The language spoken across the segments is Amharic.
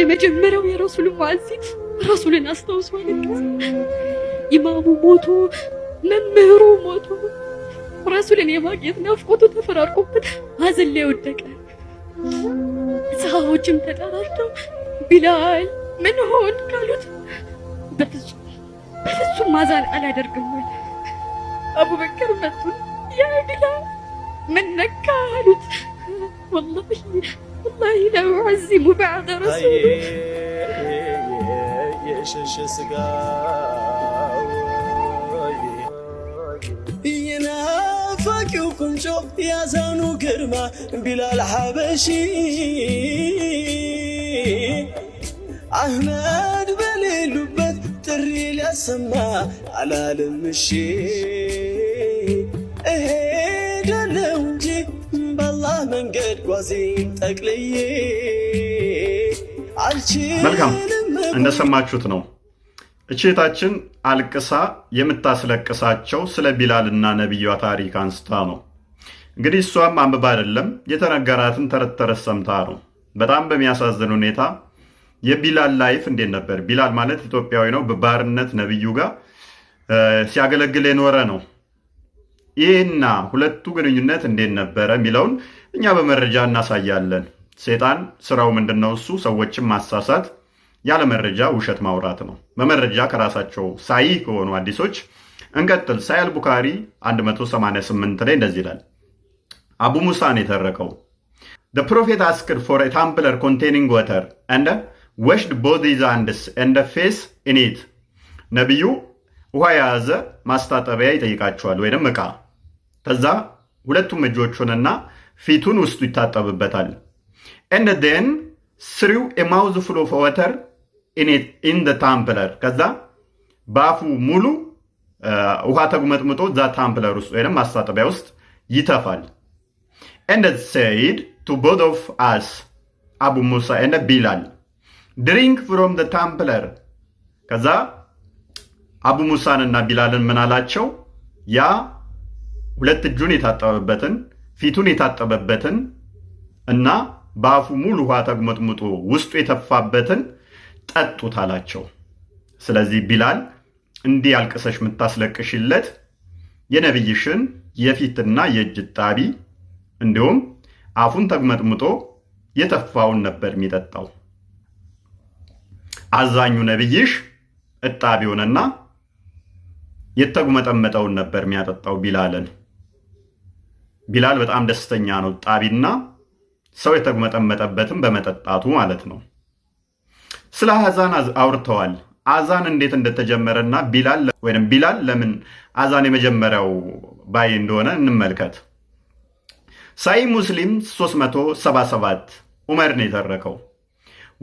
የመጀመሪያው የረሱል ሙአዚን ረሱልን አስታውሶ አለቀሰ። ኢማሙ ሞቶ መምህሩ ሞቶ ረሱልን የማግኘት ናፍቆቱ ተፈራርቆበት ሀዘን ላይ ወደቀ። ሰሃቦችም ተጠራርተው ቢላል ምን ሆን ካሉት በፍጹም በፍጹም ማዛን አላደርግም ወይ አቡበከር መጡን ያ ቢላል ምን ነካ አሉት ወላሂ والله لا أعزم بعد رسول ينافقكم شوف يا زانو كرما بلا الحبشي أحمد بلي لبت تري لسما على المشي መንገድ ጓዜ ጠቅልዬ መልካም እንደሰማችሁት ነው። እቼታችን አልቅሳ የምታስለቅሳቸው ስለ ቢላልና ነቢዩ ታሪክ አንስታ ነው። እንግዲህ እሷም አንብባ አይደለም የተነገራትን ተረት ተረት ሰምታ ነው። በጣም በሚያሳዝን ሁኔታ የቢላል ላይፍ እንዴት ነበር? ቢላል ማለት ኢትዮጵያዊ ነው። በባርነት ነቢዩ ጋር ሲያገለግል የኖረ ነው። ይህና ሁለቱ ግንኙነት እንዴት ነበረ የሚለውን እኛ በመረጃ እናሳያለን። ሴጣን ስራው ምንድነው? እሱ ሰዎችን ማሳሳት፣ ያለ መረጃ ውሸት ማውራት ነው። በመረጃ ከራሳቸው ሳይ ከሆኑ አዲሶች እንቀጥል። ሳይ ቡካሪ 188 ላይ እንደዚህ ይላል። አቡ ሙሳን የተረከው The prophet asked for a tumbler containing water and washed both his ነቢዩ ውሃ የያዘ ማስታጠቢያ ይጠይቃቸዋል ወይም ዕቃ። ከዛ ሁለቱም እጆቹንና ፊቱን ውስጡ ይታጠብበታል። ኤንድ ዴን ስሪው ኤማውዝ ፍሎ ወተር ኢን ታምፕለር ከዛ በአፉ ሙሉ uh, ውሃ ተጉመጥምጦ ዛ ታምፕለር ውስጥ ወይም ማስታጠቢያ ውስጥ ይተፋል። ኤንድ ሰይድ ቱ ቦት ኦፍ አስ አቡ ሙሳ ኤንድ ቢላል ድሪንክ ፍሮም ደ ታምፕለር ከዛ አቡ ሙሳን እና ቢላልን ምን አላቸው? ያ ሁለት እጁን የታጠበበትን ፊቱን የታጠበበትን እና በአፉ ሙሉ ውሃ ተግመጥምጦ ውስጡ የተፋበትን ጠጡት አላቸው። ስለዚህ ቢላል እንዲህ ያልቅሰሽ የምታስለቅሽለት የነቢይሽን የፊትና የእጅ ጣቢ እንዲሁም አፉን ተግመጥምጦ የተፋውን ነበር የሚጠጣው። አዛኙ ነቢይሽ እጣቢውንና የተጉመጠመጠውን ነበር የሚያጠጣው ቢላልን። ቢላል በጣም ደስተኛ ነው። ጣቢና ሰው የተመጠመጠበትም በመጠጣቱ ማለት ነው። ስለ አዛን አውርተዋል። አዛን እንዴት እንደተጀመረና ቢላል ወይም ቢላል ለምን አዛን የመጀመሪያው ባይ እንደሆነ እንመልከት። ሳይ ሙስሊም 377 ዑመር ነው የተረከው።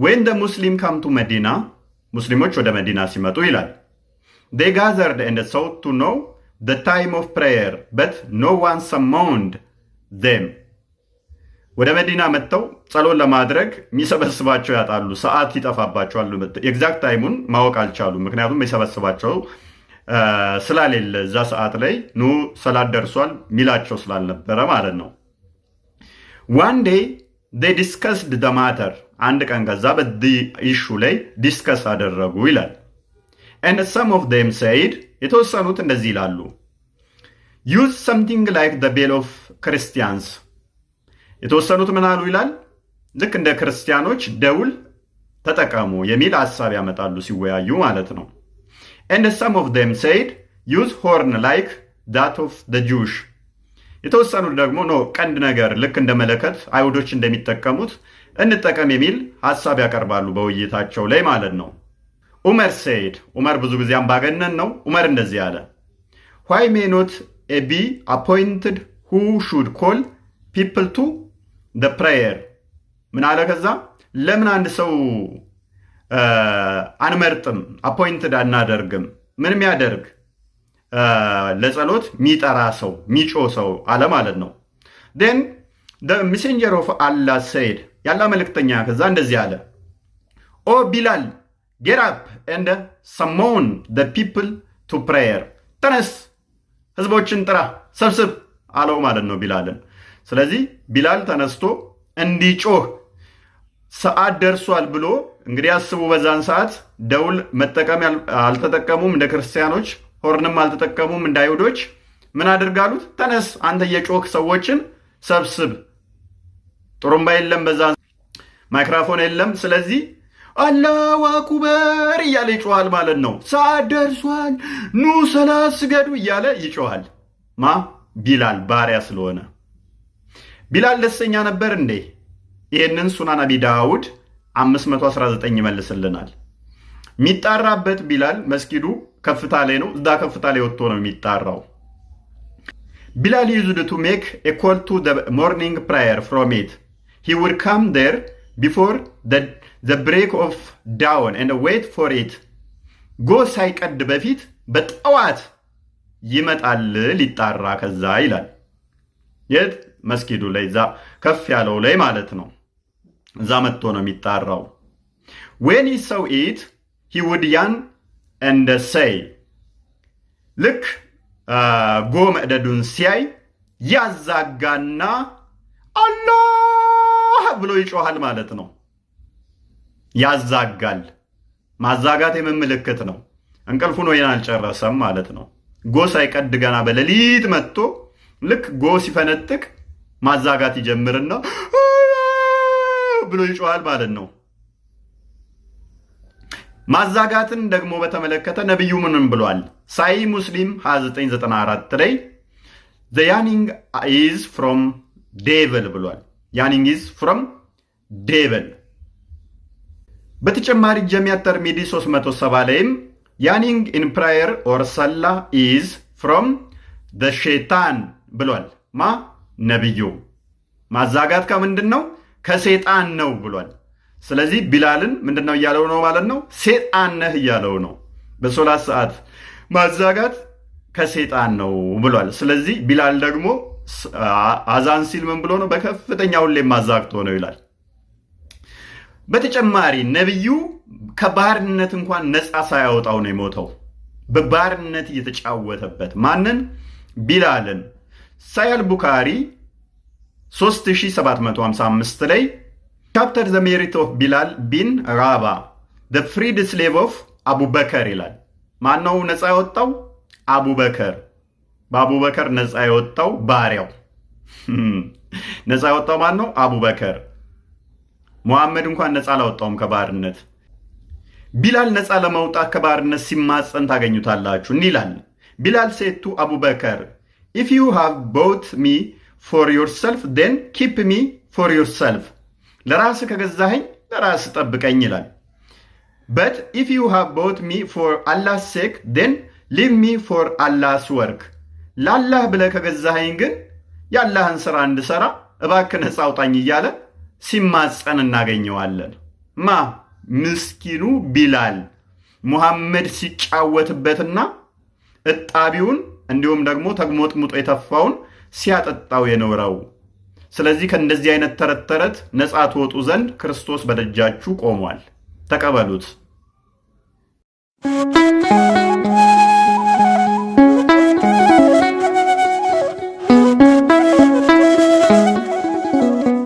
ወይን ደ ሙስሊም ካምቱ መዲና፣ ሙስሊሞች ወደ መዲና ሲመጡ ይላል ዴጋዘርድ ኤንድ ሰውቱ ነው the time of prayer, but no one summoned them. ወደ መዲና መጥተው ጸሎን ለማድረግ የሚሰበስባቸው ያጣሉ። ሰዓት ይጠፋባቸዋል። የኤግዛክት ታይሙን ማወቅ አልቻሉም። ምክንያቱም የሚሰበስባቸው ስላሌለ እዛ ሰዓት ላይ ኑ ሰላት ደርሷል ሚላቸው ስላልነበረ ማለት ነው። ዋን ዴይ ዲስከስድ ማተር አንድ ቀን ከዛ በዚህ ኢሹ ላይ ዲስከስ አደረጉ ይላል። and some of them said የተወሰኑት እንደዚህ ይላሉ use something like the bell of ክርስቲያንስ የተወሰኑት ምናሉ ይላል ልክ እንደ ክርስቲያኖች ደውል ተጠቀሙ የሚል ሀሳብ ያመጣሉ ሲወያዩ ማለት ነው and some of them said use horn like that of the Jewish የተወሰኑት ደግሞ ኖ ቀንድ ነገር ልክ እንደ መለከት አይሁዶች እንደሚጠቀሙት እንጠቀም የሚል ሀሳብ ያቀርባሉ በውይይታቸው ላይ ማለት ነው ኡመር ሰይድ ኡመር ብዙ ጊዜ አምባገነን ነው። ኡመር እንደዚህ አለ፣ ዋይ ሜ ኖት ቢ አፖይንትድ ሁ ሹድ ኮል ፒፕል ቱ ደ ፕሬየር። ምን አለ ከዛ ለምን አንድ ሰው አንመርጥም? አፖይንትድ አናደርግም? ምን የሚያደርግ ለጸሎት የሚጠራ ሰው የሚጮ ሰው አለ ማለት ነው። ን ሜሴንጀር ኦፍ አላ ሰይድ ያላ መልእክተኛ ከዛ እንደዚህ አለ ኦ ቢላል ጌት አፕ ኤንድ ሰሞን ዘ ፒፕል ቱ ፕሬየር ተነስ ህዝቦችን ጥራ ሰብስብ አለው ማለት ነው ቢላልን። ስለዚህ ቢላል ተነስቶ እንዲጮህ ሰዓት ደርሷል ብሎ እንግዲህ አስቡ። በዛን ሰዓት ደውል መጠቀም አልተጠቀሙም እንደ ክርስቲያኖች፣ ሆርንም አልተጠቀሙም እንደ አይሁዶች። ምን አድርጋሉት? ተነስ አንተ የጮህ ሰዎችን ሰብስብ። ጥሩምባ የለም፣ በዛ ማይክራፎን የለም። ስለዚህ አላሁ አኩበር እያለ ይጮኋል ማለት ነው። ሰዓት ደርሷል፣ ኑ ሰላት ስገዱ እያለ ይጮኋል። ማ ቢላል ባሪያ ስለሆነ ቢላል ደስተኛ ነበር እንዴ? ይህንን ሱናን አቢ ዳውድ 519 ይመልስልናል። የሚጣራበት ቢላል መስጊዱ ከፍታ ላይ ነው። እዛ ከፍታ ላይ ወጥቶ ነው የሚጣራው። ቢላል ዩዝድ ቱ ሜክ ኮል ቱ ሞርኒንግ ፕራየር ፍሮም ኢት ሂ ውድ ካም ዴር ቢፎር ዘ ብሬክ ኦፍ ዳውን ኤንድ ዌት ፎር ኢት ጎ ሳይቀድ በፊት በጠዋት ይመጣል ሊጣራ ከዛ ይላል። የት መስጊዱ ላይ እዛ ከፍ ያለው ላይ ማለት ነው። እዛ መጥቶ ነው የሚጣራው። ዌን ሰው ኢት ሂ ውድ ያን እንደ ሰይ ልክ ጎ መዕደዱን ሲያይ ያዛጋና አላ ብሎ ይጮሃል ማለት ነው። ያዛጋል። ማዛጋት የምምልክት ነው። እንቅልፉን ወይን አልጨረሰም ማለት ነው። ጎ ሳይቀድ ገና በሌሊት መጥቶ ልክ ጎ ሲፈነጥቅ ማዛጋት ይጀምርና ብሎ ይጮሃል ማለት ነው። ማዛጋትን ደግሞ በተመለከተ ነቢዩ ምንም ብሏል? ሳይ ሙስሊም 2994 ላይ ዘ ያኒንግ ኢዝ ፍሮም ዴቭል ብሏል። ኢዝ ፍሮም ዴቨል። በተጨማሪ ጀሚያተር ሚዲ 370 ላይም ያኒንግ ፕራየር ኦር ሰላ ኢዝ ፍሮም ደ ሼጣን ብሏል። ማ ነቢዩ ማዛጋት ከምንድን ነው? ከሴጣን ነው ብሏል። ስለዚህ ቢላልን ምንድን ነው እያለው ነው ማለት ነው? ሴጣን ነህ እያለው ነው። በሶላት ሰዓት ማዛጋት ከሴጣን ነው ብሏል። ስለዚህ ቢላል ደግሞ አዛን ሲል ምን ብሎ ነው? በከፍተኛ ሁሌ ማዛግቶ ነው ይላል። በተጨማሪ ነቢዩ ከባህርነት እንኳን ነፃ ሳያወጣው ነው የሞተው። በባህርነት እየተጫወተበት ማንን? ቢላልን። ሳያል ቡካሪ 3755 ላይ ቻፕተር ዘ ሜሪት ኦፍ ቢላል ቢን ራባ ፍሪድ ስሌቭ ኦፍ አቡበከር ይላል። ማነው ነፃ ያወጣው? አቡበከር በአቡበከር ነፃ የወጣው ባሪያው ነፃ የወጣው ማን ነው? አቡበከር። ሙሐመድ እንኳን ነፃ አላወጣውም ከባርነት። ቢላል ነፃ ለመውጣት ከባርነት ሲማፀን ታገኙታላችሁ። እንዲህ ይላል ቢላል ሴቱ አቡበከር ኢፍ ዩ ሃቭ ቦት ሚ ፎር ዮርሰልፍ ዴን ኪፕ ሚ ፎር ዮርሰልፍ፣ ለራስ ከገዛኸኝ ለራስ ጠብቀኝ ይላል። በት ኢፍ ዩ ሃቭ ቦት ሚ ፎር አላስ ሴክ ዴን ሊቭ ሚ ፎር አላስ ወርክ ላላህ ብለህ ከገዛኸኝ ግን ያላህን ስራ እንድሰራ እባክህ ነፃ አውጣኝ እያለ ሲማፀን እናገኘዋለን። ማ ምስኪኑ ቢላል ሙሐመድ ሲጫወትበትና እጣቢውን እንዲሁም ደግሞ ተግሞጥሙጦ የተፋውን ሲያጠጣው የኖረው። ስለዚህ ከእንደዚህ አይነት ተረት ተረት ነፃ ትወጡ ዘንድ ክርስቶስ በደጃችሁ ቆሟል። ተቀበሉት።